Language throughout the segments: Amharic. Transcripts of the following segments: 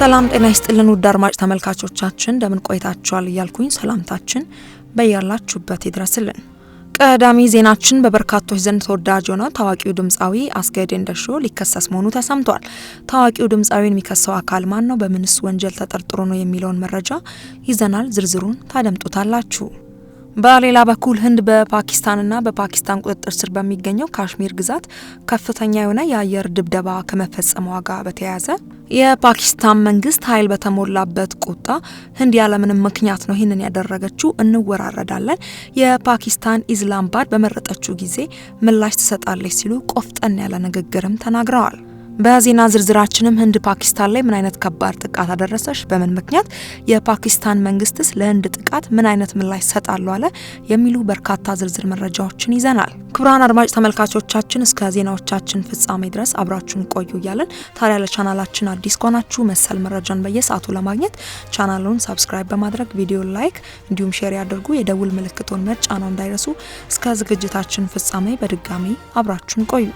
ሰላም ጤና ይስጥልን ውድ አድማጭ ተመልካቾቻችን እንደምን ቆይታችኋል? እያልኩኝ ሰላምታችን በያላችሁበት ይድረስልን። ቀዳሚ ዜናችን በበርካቶች ዘንድ ተወዳጅ የሆነው ታዋቂው ድምፃዊ አስገዴ እንደሾ ሊከሰስ መሆኑ ተሰምቷል። ታዋቂው ድምፃዊን የሚከሰው አካል ማን ነው? በምንስ ወንጀል ተጠርጥሮ ነው የሚለውን መረጃ ይዘናል። ዝርዝሩን ታደምጡታላችሁ። በሌላ በኩል ህንድ በፓኪስታንና በፓኪስታን ቁጥጥር ስር በሚገኘው ካሽሚር ግዛት ከፍተኛ የሆነ የአየር ድብደባ ከመፈጸሟ ጋር በተያያዘ የፓኪስታን መንግስት ኃይል በተሞላበት ቁጣ ህንድ ያለምንም ምክንያት ነው ይህንን ያደረገችው፣ እንወራረዳለን፣ የፓኪስታን ኢስላማባድ በመረጠችው ጊዜ ምላሽ ትሰጣለች ሲሉ ቆፍጠን ያለ ንግግርም ተናግረዋል። በዜና ዝርዝራችንም ህንድ ፓኪስታን ላይ ምን አይነት ከባድ ጥቃት አደረሰች፣ በምን ምክንያት፣ የፓኪስታን መንግስትስ ለህንድ ጥቃት ምን አይነት ምላሽ ሰጣሉ አለ የሚሉ በርካታ ዝርዝር መረጃዎችን ይዘናል። ክቡራን አድማጭ ተመልካቾቻችን እስከ ዜናዎቻችን ፍጻሜ ድረስ አብራችሁን ቆዩ እያለን ታዲያ ለቻናላችን አዲስ ከሆናችሁ መሰል መረጃን በየሰዓቱ ለማግኘት ቻናሉን ሰብስክራይብ በማድረግ ቪዲዮ ላይክ እንዲሁም ሼር ያደርጉ የደውል ምልክቱን መጫነው እንዳይረሱ። እስከ ዝግጅታችን ፍጻሜ በድጋሚ አብራችሁን ቆዩ።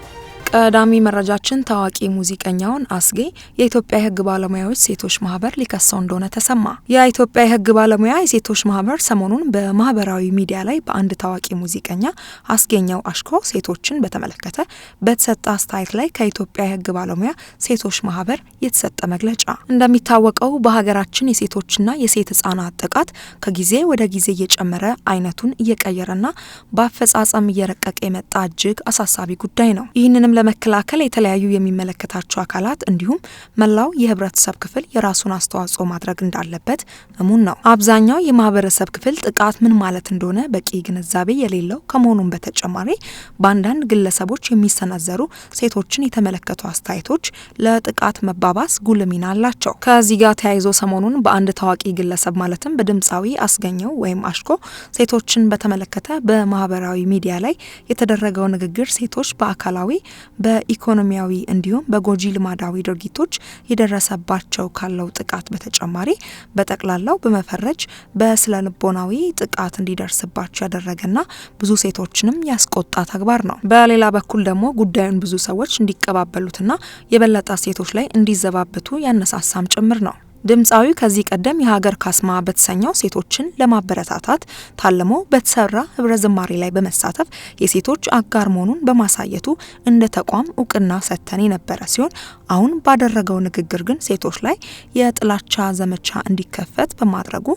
ቀዳሚ መረጃችን ታዋቂ ሙዚቀኛውን አስጌ የኢትዮጵያ የሕግ ባለሙያዎች ሴቶች ማህበር ሊከሰው እንደሆነ ተሰማ። የኢትዮጵያ የሕግ ባለሙያ የሴቶች ማህበር ሰሞኑን በማህበራዊ ሚዲያ ላይ በአንድ ታዋቂ ሙዚቀኛ አስጌኛው አሽኮ ሴቶችን በተመለከተ በተሰጠ አስተያየት ላይ ከኢትዮጵያ የሕግ ባለሙያ ሴቶች ማህበር የተሰጠ መግለጫ። እንደሚታወቀው በሀገራችን የሴቶችና የሴት ህጻናት ጥቃት ከጊዜ ወደ ጊዜ እየጨመረ አይነቱን እየቀየረና በአፈጻጸም እየረቀቀ የመጣ እጅግ አሳሳቢ ጉዳይ ነው። ይህንንም ለመከላከል የተለያዩ የሚመለከታቸው አካላት እንዲሁም መላው የህብረተሰብ ክፍል የራሱን አስተዋጽኦ ማድረግ እንዳለበት እሙን ነው። አብዛኛው የማህበረሰብ ክፍል ጥቃት ምን ማለት እንደሆነ በቂ ግንዛቤ የሌለው ከመሆኑም በተጨማሪ በአንዳንድ ግለሰቦች የሚሰነዘሩ ሴቶችን የተመለከቱ አስተያየቶች ለጥቃት መባባስ ጉልህ ሚና አላቸው። ከዚህ ጋር ተያይዞ ሰሞኑን በአንድ ታዋቂ ግለሰብ ማለትም በድምፃዊ አስገኘው ወይም አሽኮ ሴቶችን በተመለከተ በማህበራዊ ሚዲያ ላይ የተደረገው ንግግር ሴቶች በአካላዊ በኢኮኖሚያዊ እንዲሁም በጎጂ ልማዳዊ ድርጊቶች የደረሰባቸው ካለው ጥቃት በተጨማሪ በጠቅላላው በመፈረጅ በስነ ልቦናዊ ጥቃት እንዲደርስባቸው ያደረገና ብዙ ሴቶችንም ያስቆጣ ተግባር ነው። በሌላ በኩል ደግሞ ጉዳዩን ብዙ ሰዎች እንዲቀባበሉትና የበለጠ ሴቶች ላይ እንዲዘባበቱ ያነሳሳም ጭምር ነው። ድምፃዊ ከዚህ ቀደም የሀገር ካስማ በተሰኘው ሴቶችን ለማበረታታት ታልሞ በተሰራ ህብረ ዝማሬ ላይ በመሳተፍ የሴቶች አጋር መሆኑን በማሳየቱ እንደ ተቋም እውቅና ሰጥተን የነበረ ሲሆን አሁን ባደረገው ንግግር ግን ሴቶች ላይ የጥላቻ ዘመቻ እንዲከፈት በማድረጉ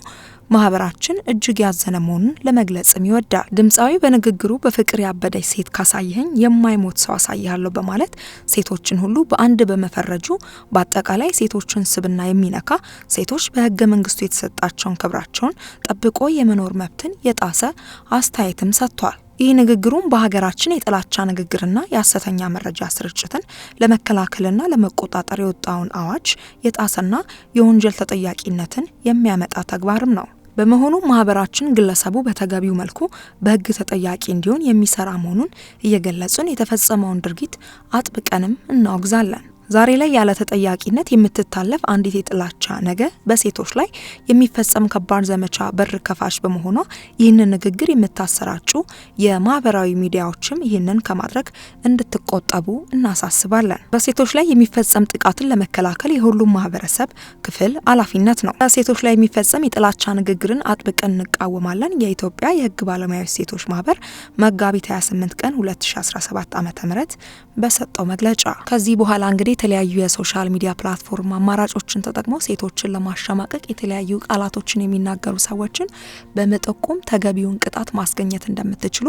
ማህበራችን እጅግ ያዘነ መሆኑን ለመግለጽም ይወዳል። ድምፃዊ በንግግሩ በፍቅር ያበደች ሴት ካሳየኝ የማይሞት ሰው አሳይሃለሁ በማለት ሴቶችን ሁሉ በአንድ በመፈረጁ በአጠቃላይ ሴቶችን ስብና የሚነካ ሴቶች በህገ መንግስቱ የተሰጣቸውን ክብራቸውን ጠብቆ የመኖር መብትን የጣሰ አስተያየትም ሰጥቷል። ይህ ንግግሩም በሀገራችን የጥላቻ ንግግርና የአሰተኛ መረጃ ስርጭትን ለመከላከልና ለመቆጣጠር የወጣውን አዋጅ የጣሰና የወንጀል ተጠያቂነትን የሚያመጣ ተግባርም ነው። በመሆኑ ማህበራችን ግለሰቡ በተገቢው መልኩ በህግ ተጠያቂ እንዲሆን የሚሰራ መሆኑን እየገለጽን የተፈጸመውን ድርጊት አጥብቀንም እናወግዛለን። ዛሬ ላይ ያለ ተጠያቂነት የምትታለፍ አንዲት የጥላቻ ነገ በሴቶች ላይ የሚፈጸም ከባድ ዘመቻ በር ከፋች በመሆኗ ይህንን ንግግር የምታሰራጩ የማህበራዊ ሚዲያዎችም ይህንን ከማድረግ እንድትቆጠቡ እናሳስባለን። በሴቶች ላይ የሚፈጸም ጥቃትን ለመከላከል የሁሉም ማህበረሰብ ክፍል ኃላፊነት ነው። በሴቶች ላይ የሚፈጸም የጥላቻ ንግግርን አጥብቀን እንቃወማለን። የኢትዮጵያ የህግ ባለሙያዎች ሴቶች ማህበር መጋቢት 28 ቀን 2017 ዓ.ም በሰጠው መግለጫ ከዚህ በኋላ እንግዲህ የተለያዩ የሶሻል ሚዲያ ፕላትፎርም አማራጮችን ተጠቅሞ ሴቶችን ለማሸማቀቅ የተለያዩ ቃላቶችን የሚናገሩ ሰዎችን በመጠቆም ተገቢውን ቅጣት ማስገኘት እንደምትችሉ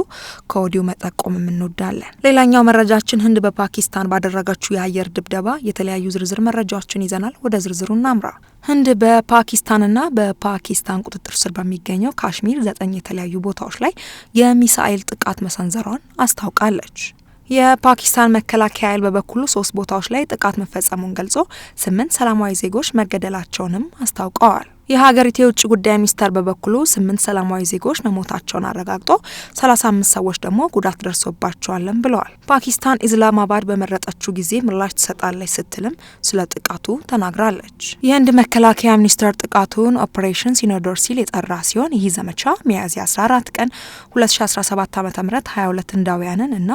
ከወዲሁ መጠቆም እንወዳለን። ሌላኛው መረጃችን ህንድ በፓኪስታን ባደረገችው የአየር ድብደባ የተለያዩ ዝርዝር መረጃዎችን ይዘናል። ወደ ዝርዝሩ እናምራ። ህንድ በፓኪስታንና በፓኪስታን ቁጥጥር ስር በሚገኘው ካሽሚር ዘጠኝ የተለያዩ ቦታዎች ላይ የሚሳኤል ጥቃት መሰንዘሯን አስታውቃለች። የፓኪስታን መከላከያ ኃይል በበኩሉ ሶስት ቦታዎች ላይ ጥቃት መፈጸሙን ገልጾ ስምንት ሰላማዊ ዜጎች መገደላቸውንም አስታውቀዋል። የሀገሪቱ የውጭ ጉዳይ ሚኒስቴር በበኩሉ ስምንት ሰላማዊ ዜጎች መሞታቸውን አረጋግጦ ሰላሳ አምስት ሰዎች ደግሞ ጉዳት ደርሶባቸዋለን ብለዋል። ፓኪስታን ኢስላማባድ በመረጠችው ጊዜ ምላሽ ትሰጣለች ስትልም ስለ ጥቃቱ ተናግራለች። የህንድ መከላከያ ሚኒስቴር ጥቃቱን ኦፕሬሽን ሲኖዶር ሲል የጠራ ሲሆን ይህ ዘመቻ ሚያዝያ 14 ቀን 2017 ዓ ም 22 ህንዳውያንን እና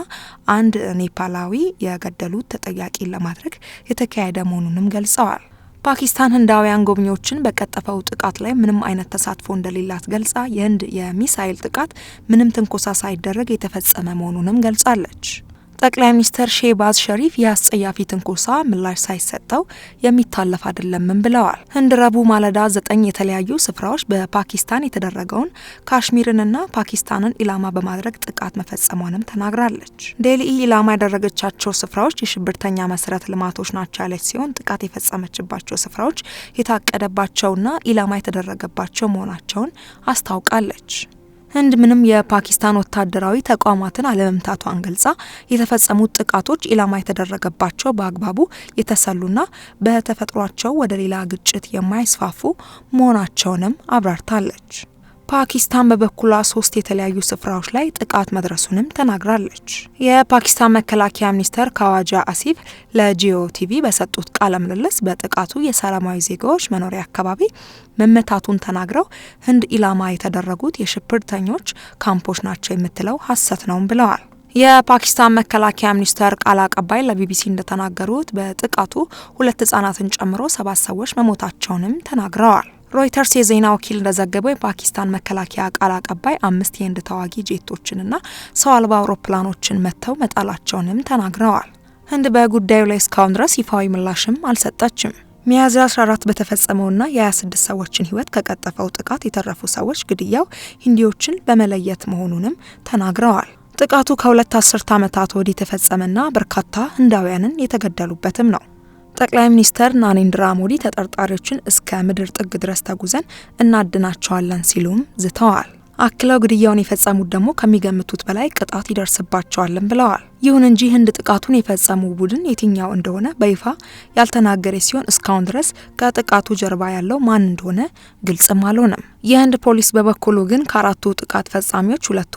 አንድ ኔፓላዊ የገደሉት ተጠያቂ ለማድረግ የተካሄደ መሆኑንም ገልጸዋል። ፓኪስታን ህንዳውያን ጎብኚዎችን በቀጠፈው ጥቃት ላይ ምንም አይነት ተሳትፎ እንደሌላት ገልጻ የህንድ የሚሳይል ጥቃት ምንም ትንኮሳ ሳይደረግ የተፈጸመ መሆኑንም ገልጻለች። ጠቅላይ ሚኒስትር ሼባዝ ሸሪፍ የአስጸያፊ ትንኮሳ ምላሽ ሳይሰጠው የሚታለፍ አይደለምም ብለዋል። ህንድ ረቡዕ ማለዳ ዘጠኝ የተለያዩ ስፍራዎች በፓኪስታን የተደረገውን ካሽሚርንና ፓኪስታንን ኢላማ በማድረግ ጥቃት መፈጸሟንም ተናግራለች። ዴልሂ ኢላማ ያደረገቻቸው ስፍራዎች የሽብርተኛ መሰረተ ልማቶች ናቸው ያለች ሲሆን ጥቃት የፈጸመችባቸው ስፍራዎች የታቀደባቸውና ኢላማ የተደረገባቸው መሆናቸውን አስታውቃለች። ህንድ ምንም የፓኪስታን ወታደራዊ ተቋማትን አለመምታቷን ገልጻ የተፈጸሙት ጥቃቶች ኢላማ የተደረገባቸው በአግባቡ የተሰሉና በተፈጥሯቸው ወደ ሌላ ግጭት የማይስፋፉ መሆናቸውንም አብራርታለች። ፓኪስታን በበኩሏ ሶስት የተለያዩ ስፍራዎች ላይ ጥቃት መድረሱንም ተናግራለች። የፓኪስታን መከላከያ ሚኒስተር ካዋጃ አሲፍ ለጂኦ ቲቪ በሰጡት ቃለ ምልልስ በጥቃቱ የሰላማዊ ዜጋዎች መኖሪያ አካባቢ መመታቱን ተናግረው ህንድ ኢላማ የተደረጉት የሽብርተኞች ካምፖች ናቸው የምትለው ሀሰት ነውም ብለዋል። የፓኪስታን መከላከያ ሚኒስተር ቃል አቀባይ ለቢቢሲ እንደተናገሩት በጥቃቱ ሁለት ህጻናትን ጨምሮ ሰባት ሰዎች መሞታቸውንም ተናግረዋል። ሮይተርስ የዜና ወኪል እንደዘገበው የፓኪስታን መከላከያ ቃል አቀባይ አምስት የህንድ ተዋጊ ጄቶችንና ሰው አልባ አውሮፕላኖችን መጥተው መጣላቸውንም ተናግረዋል። ህንድ በጉዳዩ ላይ እስካሁን ድረስ ይፋዊ ምላሽም አልሰጠችም። ሚያዝያ 14 በተፈጸመውና የ26 ሰዎችን ህይወት ከቀጠፈው ጥቃት የተረፉ ሰዎች ግድያው ሂንዲዎችን በመለየት መሆኑንም ተናግረዋል። ጥቃቱ ከሁለት አስርት ዓመታት ወዲህ የተፈጸመና በርካታ ህንዳውያንን የተገደሉበትም ነው። ጠቅላይ ሚኒስተር ናሬንድራ ሞዲ ተጠርጣሪዎችን እስከ ምድር ጥግ ድረስ ተጉዘን እናድናቸዋለን ሲሉም ዝተዋል። አክለው ግድያውን የፈጸሙት ደግሞ ከሚገምቱት በላይ ቅጣት ይደርስባቸዋልም ብለዋል። ይሁን እንጂ ህንድ ጥቃቱን የፈጸመው ቡድን የትኛው እንደሆነ በይፋ ያልተናገረች ሲሆን እስካሁን ድረስ ከጥቃቱ ጀርባ ያለው ማን እንደሆነ ግልጽም አልሆነም። የህንድ ፖሊስ በበኩሉ ግን ከአራቱ ጥቃት ፈጻሚዎች ሁለቱ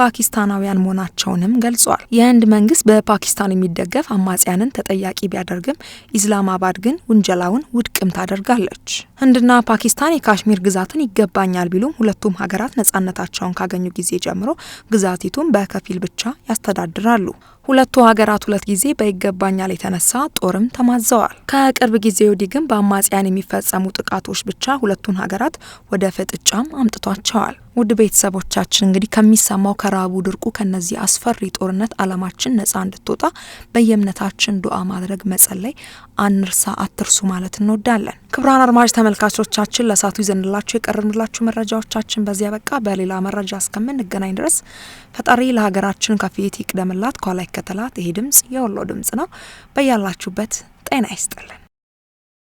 ፓኪስታናውያን መሆናቸውንም ገልጿል። የህንድ መንግስት በፓኪስታን የሚደገፍ አማጽያንን ተጠያቂ ቢያደርግም ኢስላማባድ ግን ውንጀላውን ውድቅም ታደርጋለች። ህንድና ፓኪስታን የካሽሚር ግዛትን ይገባኛል ቢሉም ሁለቱም ሀገራት ነጻነታቸውን ካገኙ ጊዜ ጀምሮ ግዛቲቱን በከፊል ብቻ ያስተዳድራሉ። ሁለቱ ሀገራት ሁለት ጊዜ በይገባኛል የተነሳ ጦርም ተማዘዋል። ከቅርብ ጊዜ ወዲህ ግን በአማጽያን የሚፈጸሙ ጥቃቶች ብቻ ሁለቱን ሀገራት ወደ ፍጥጫም አምጥቷቸዋል። ውድ ቤተሰቦቻችን እንግዲህ ከሚሰማው ከረሃቡ፣ ድርቁ ከነዚህ አስፈሪ ጦርነት አለማችን ነጻ እንድትወጣ በየእምነታችን ዱዓ ማድረግ መጸለይ አንርሳ አትርሱ ማለት እንወዳለን። ክብራን አድማጭ ተመልካቾቻችን ለሳቱ ይዘንላችሁ የቀረብንላችሁ መረጃዎቻችን በዚያ በቃ። በሌላ መረጃ እስከምንገናኝ ድረስ ፈጣሪ ለሀገራችን ከፊት ይቅደምላት፣ ከኋላ ይከተላት። ይሄ ድምጽ የወሎ ድምጽ ነው። በያላችሁበት ጤና ይስጥልን።